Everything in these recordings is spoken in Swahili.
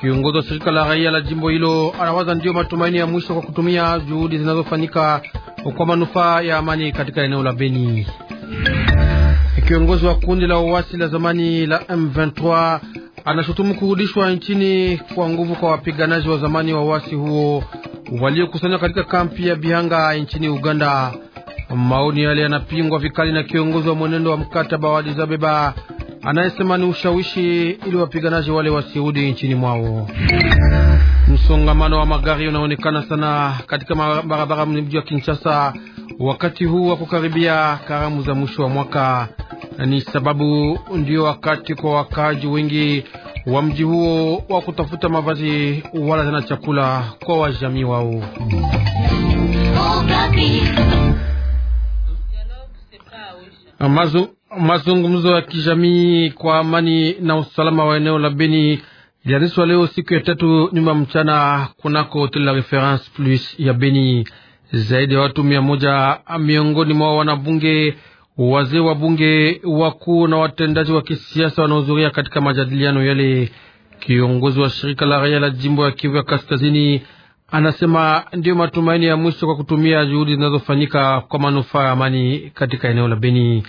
Kiongozi wa shirika la raia la jimbo hilo anawaza ndio matumaini ya mwisho kwa kutumia juhudi zinazofanyika kwa manufaa ya amani katika eneo la Beni. Kiongozi wa kundi la uasi la zamani la M23 anashutumu kurudishwa nchini kwa nguvu kwa wapiganaji wa zamani wa uasi huo waliokusanywa katika kampi ya Bihanga nchini Uganda. Maoni yale yanapingwa vikali na kiongozi wa mwenendo wa mkataba wa Addis Ababa anayesema ni ushawishi ili wapiganaji wale wasirudi nchini mwao. Msongamano wa magari unaonekana sana katika barabara mji wa Kinshasa wakati huu wa kukaribia karamu za mwisho wa mwaka. Ni sababu ndio wakati kwa wakaaji wengi wa mji huo wa kutafuta mavazi wala tena chakula kwa wajamii wao. Oh, Mazungumzo ya kijamii kwa amani na usalama wa eneo la Beni ilianzishwa leo siku ya tatu nyuma mchana kunako hoteli la Reference Plus ya Beni. Zaidi ya watu mia moja miongoni mwa wanabunge, wazee wa bunge, wakuu na watendaji wa kisiasa wanahudhuria katika majadiliano yale. Kiongozi wa shirika la raia la jimbo ya Kivu ya Kaskazini anasema ndiyo matumaini ya mwisho kwa kutumia juhudi zinazofanyika kwa manufaa ya amani katika eneo la Beni.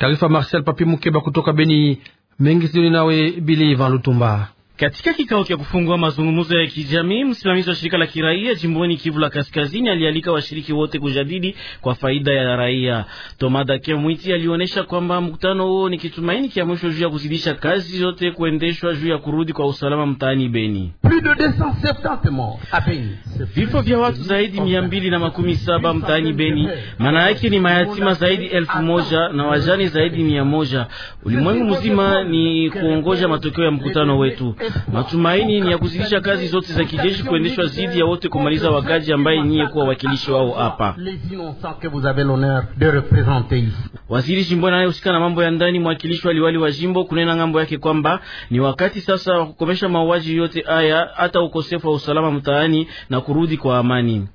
Taarifa Marcel Papi Mukeba kutoka Beni, mengi sidoni nawe Bili Ivan Lutumba. Katika kikao cha kufungua mazungumzo ya kijamii, msimamizi wa shirika la kiraia jimboni Kivu la Kaskazini alialika washiriki wote kujadili kwa faida ya raia. Tomadake Mwiti alionyesha kwamba mkutano huo ni kitumaini kia mwisho juu ya kuzidisha kazi zote kuendeshwa juu ya kurudi kwa usalama mtaani Beni. Vifo vya watu zaidi mia mbili na makumi saba mtaani Beni, maana yake ni mayatima zaidi elfu moja na wajane zaidi mia moja. Ulimwengu mzima ni kuongoja matokeo ya mkutano wetu. Matumaini ni ya kuzidisha kazi zote za kijeshi kuendeshwa zidi ya wote, kumaliza wakaji ambaye niye kuwa wakilishi wao hapa. Waziri jimboni anayehusika na mambo ya ndani, mwakilishi wa liwali wa jimbo kunena ngambo yake kwamba ni wakati sasa wa kukomesha mauaji yote haya, hata ukosefu wa usalama mtaani na kurudi kwa amani.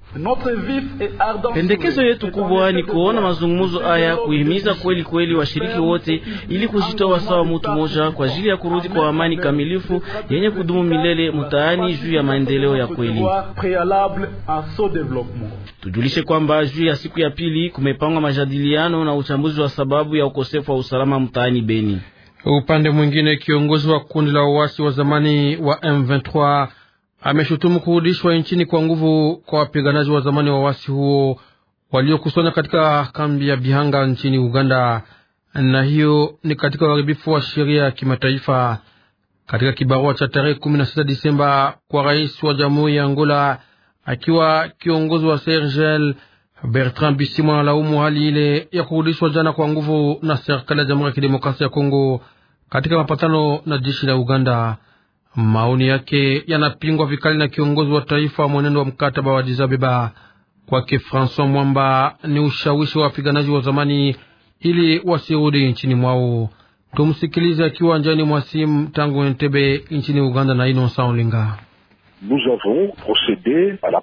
Pendekezo yetu kubwa ni kuona mazungumzo haya kuhimiza kweli kweli washiriki wote ili kujitoa sawa mutu moja kwa ajili ya kurudi kwa amani kamilifu yenye kudumu milele mtaani juu ya maendeleo ya kweli. Tujulishe kwamba juu ya siku ya pili kumepangwa majadiliano na uchambuzi wa sababu ya ukosefu wa usalama mtaani Beni. Upande mwingine, kiongozi wa kundi la uasi wa zamani wa M23 ameshutumu kurudishwa nchini kwa nguvu kwa wapiganaji wa zamani wa wasi huo waliokusanya katika kambi ya Bihanga nchini Uganda, na hiyo ni katika uharibifu wa sheria ya kimataifa. Katika kibarua cha tarehe 16 Disemba kwa rais wa jamhuri ya Angola akiwa kiongozi wa Sergel, Bertrand Bisimwa analaumu hali ile ya kurudishwa jana kwa nguvu na serikali ya Jamhuri ya Kidemokrasia ya Kongo katika mapatano na jeshi la Uganda. Maoni yake yanapingwa vikali na kiongozi wa taifa wa mwenendo wa mkataba wa Addis Ababa. Kwake Francois Mwamba ni ushawishi wa wapiganaji wa zamani ili wasirudi nchini mwao. Tumsikilize akiwa njani mwa simu tangu Entebbe nchini Uganda na Inosa Olinga la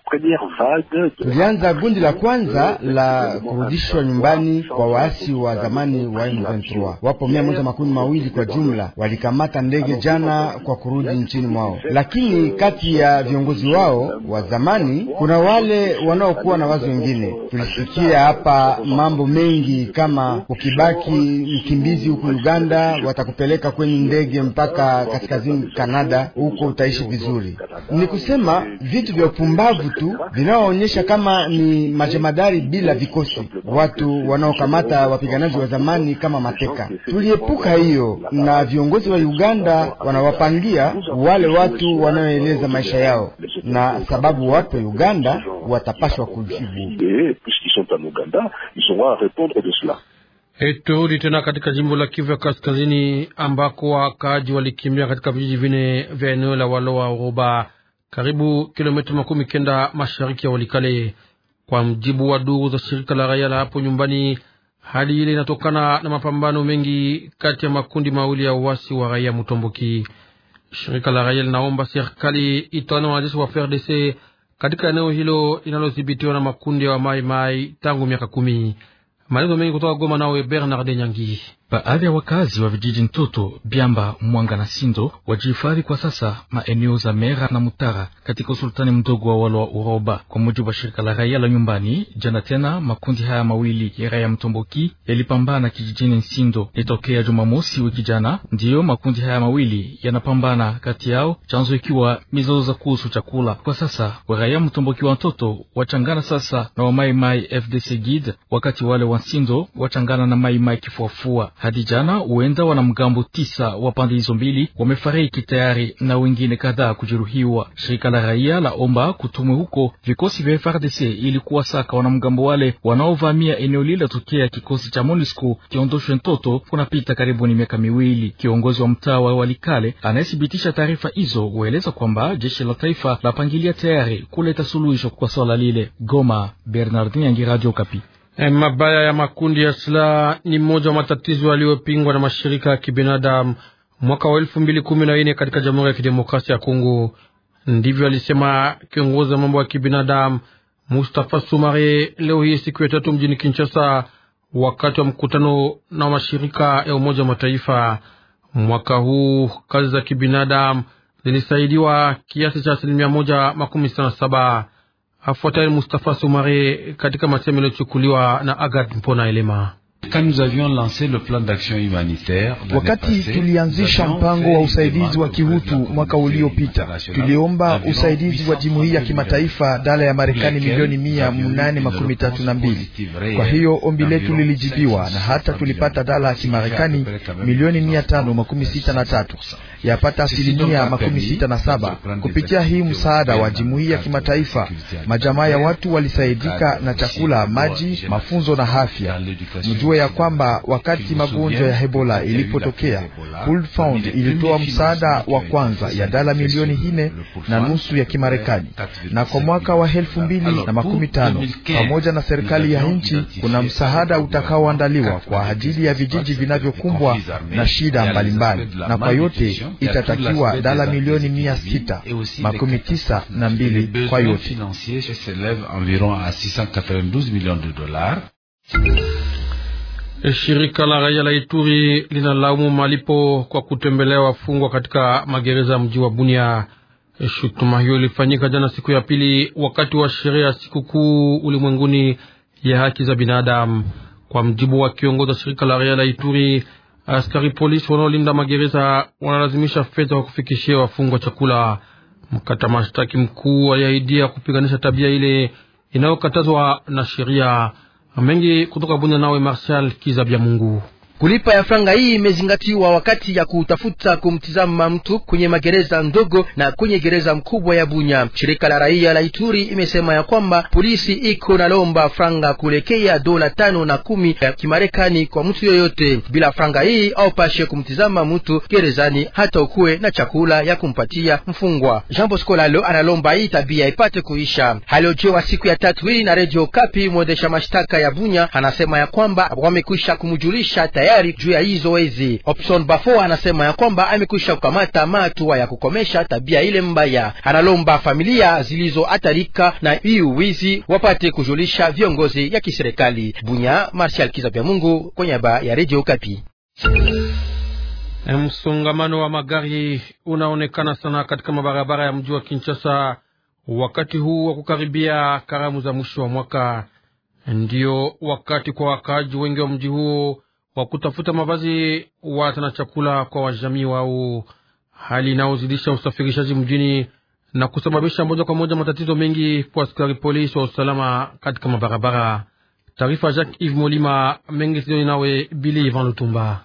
tulianza gundi la kwanza la kurudishwa nyumbani kwa waasi wa zamani wa M23. Wapo mia moja makumi mawili kwa jumla walikamata ndege jana kwa kurudi nchini mwao, lakini kati ya viongozi wao wa zamani kuna wale wanaokuwa na wazo wengine. Tulisikia hapa mambo mengi kama ukibaki mkimbizi huku Uganda watakupeleka kwenye ndege mpaka kaskazini Kanada, huko utaishi vizuri. Ni kusema vitu vya upumbavu tu vinaoonyesha kama ni majemadari bila vikosi, watu wanaokamata wapiganaji wa zamani kama mateka. Tuliepuka hiyo, na viongozi wa Uganda wanawapangia wale watu wanaoeleza maisha yao, na sababu watu wa Uganda watapashwa kujibu. Ituri tena katika jimbo la Kivu ya Kaskazini ambako wakaaji walikimbia katika vijiji vine vya eneo la Walowa Uroba karibu kilomita makumi kenda mashariki ya Walikale. Kwa mjibu wa duru za shirika la raia la hapo nyumbani, hali ile inatokana na mapambano mengi kati ya makundi mawili ya uasi wa raia Mutomboki. Shirika la raia linaomba serikali itano wanajeshi wa FRDC katika eneo hilo linalodhibitiwa na makundi ya wa maimai tangu miaka kumi. Maelezo mengi kutoka Goma, nawe Bernard Nyangi. Baadhi ya wakazi wa vijiji Ntoto, Biamba, Mwanga na Sindo wajihifadhi kwa sasa maeneo za Mera na Mutara katika usultani mdogo wa wa Uroba, kwa mujibu wa shirika la raia la nyumbani. Jana tena makundi haya mawili ya raia Mtomboki yalipambana kijijini Nsindo. tokea Jumamosi wiki jana ndiyo makundi haya mawili yanapambana kati yao, chanzo ikiwa mizozo za kuhusu chakula. Kwa sasa waraia Mtomboki wa Ntoto wachangana sasa na wamaimai FDC Gid, wakati wale wa Nsindo wachangana na maimai kifuafua. Hadi jana huenda wanamgambo tisa wa pande hizo mbili wamefariki tayari na wengine kadhaa kujeruhiwa. Shirika la raia la omba kutumwe huko vikosi vya FRDC ili kuwasaka wanamgambo wale wanaovamia eneo lile tokea kikosi cha MONUSCO kiondoshwe Ntoto kunapita karibuni miaka miwili. Kiongozi wa mtaa wa Walikale anayethibitisha taarifa hizo hueleza kwamba jeshi la taifa lapangilia tayari kuleta suluhisho kwa swala lile. Goma, Bernardin Yangi, Radio Kapi. Eh, mabaya ya makundi ya silaha ni mmoja wa matatizo yaliyopingwa na mashirika ya kibinadamu mwaka wa elfu mbili kumi na nne katika Jamhuri ya Kidemokrasia ya Kongo. Ndivyo alisema kiongozi wa mambo ya kibinadamu Mustafa Sumare leo hii siku ya tatu mjini Kinshasa, wakati wa mkutano na mashirika ya Umoja wa Mataifa. Mwaka huu kazi za kibinadamu zilisaidiwa kiasi cha asilimia moja makumi sita na saba afuataye Mustafa Sumari katika masemelo yaliyochukuliwa na Agad Mpona Elema. Quand nous avions lancé le plan d'action humanitaire, wakati tulianzisha mpango wa usaidizi wa kihutu mwaka uliopita, tuliomba usaidizi wa jumuiya ya kimataifa dala ya Marekani milioni mia mnane makumi tatu na mbili. Kwa hiyo ombi letu lilijibiwa na hata tulipata dala ya Kimarekani milioni mia tano makumi sita na tatu yapata asilimia makumi sita na saba. Kupitia hii msaada wa jumuiya ya kimataifa, majamaa ya watu walisaidika na chakula, maji, mafunzo na afya. Mjue ya kwamba wakati magonjwa ya Ebola ilipotokea, Fund ilitoa msaada wa kwanza ya dala milioni nne na nusu ya Kimarekani, na kwa mwaka wa elfu mbili na makumi tano pamoja na serikali ya nchi kuna msaada utakaoandaliwa kwa ajili ya vijiji vinavyokumbwa na shida mbalimbali mbali. Na kwa yote itatakiwa dala milioni mia sita makumi tisa na mbili kwa yote. Shirika la raia la Ituri linalaumu malipo kwa kutembelea wafungwa katika magereza ya mji wa Bunia. Shutuma hiyo ilifanyika jana siku ya pili wakati wa sherehe ya sikukuu ulimwenguni ya haki za binadamu. Kwa mjibu wa kiongozi wa shirika la raia la Ituri Askari polisi wanaolinda magereza wanalazimisha fedha wa kufikishia wafungwa chakula. Mkata mashtaki mkuu aliahidia kupiganisha tabia ile inayokatazwa na sheria. Mengi kutoka Bunya, nawe Marshal Kizabya Mungu. Kulipa ya franga hii imezingatiwa wakati ya kutafuta kumtizama mtu kwenye magereza ndogo na kwenye gereza mkubwa ya Bunya. Shirika la raia la Ituri imesema ya kwamba polisi iko nalomba franga kuelekea dola tano na kumi ya Kimarekani kwa mtu yoyote. Bila franga hii au pashe kumtizama mtu gerezani hata ukuwe na chakula ya kumpatia mfungwa. Jean Bosco Lalo analomba hii tabia ipate kuisha. Aliojewa siku ya tatu hii na Radio Kapi, mwendesha mashtaka ya Bunya anasema ya kwamba wamekwisha kumjulisha tayari tayari juu ya hii zoezi. Opson Bafo anasema ya kwamba amekwisha kukamata matua ya kukomesha tabia ile mbaya. Analomba familia zilizoathirika na hii uwizi wapate kujulisha viongozi ya kiserikali. Bunya Marshal vya Mungu kwenye ba ya Radio Kapi. Eh, msongamano wa magari unaonekana sana katika mabarabara ya mji wa Kinshasa wakati huu wa kukaribia karamu za mwisho wa mwaka. Ndiyo wakati kwa wakaaji wengi wa mji huo wa kutafuta mavazi, wata na chakula kwa wajamii wao, hali inayozidisha usafirishaji mjini na kusababisha moja kwa moja matatizo mengi kwa askari polisi wa usalama katika mabarabara. Taarifa Jacques Yves Molima mengi sidoni nawe Bili Ivan Lutumba.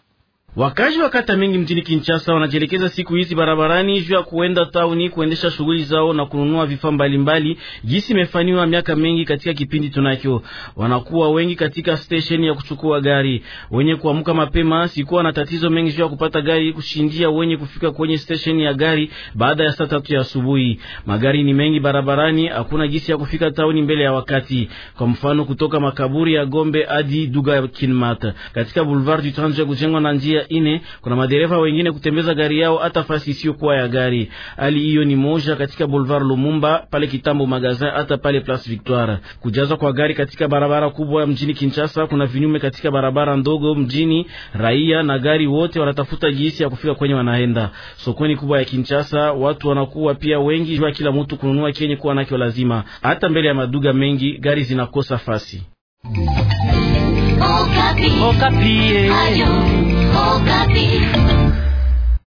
Wakazi wa kata mingi mjini Kinshasa wanajielekeza siku hizi barabarani juu ya kuenda tauni kuendesha shughuli zao na kununua vifaa mbalimbali, jinsi imefanywa miaka mingi katika kipindi tunacho. Wanakuwa wengi katika stesheni ya kuchukua gari. Wenye kuamka mapema sikuwa na tatizo mengi juu ya kupata gari kushindia wenye kufika kwenye stesheni ya gari baada ya saa tatu ya asubuhi. Magari ni mengi barabarani, hakuna jinsi ya kufika tauni mbele ya wakati. Kwa mfano, kutoka makaburi ya Gombe hadi Duga Kinmata katika Boulevard du Tanje kujengwa na njia ine kuna madereva wengine kutembeza gari yao hata fasi isiyokuwa ya gari. Hali hiyo ni moja katika Boulevard Lumumba pale Kitambo Magazin hata pale Place Victoire. Kujazwa kwa gari katika barabara kubwa mjini Kinshasa, kuna vinyume katika barabara ndogo mjini. Raia na gari wote wanatafuta jinsi ya kufika kwenye wanaenda. Sokoni kubwa ya Kinshasa watu wanakuwa pia wengi, jua kila mtu kununua kenye kuwa nakyo lazima. Hata mbele ya maduga mengi gari zinakosa fasi. Okapi. Okapi. Eh. Okapi.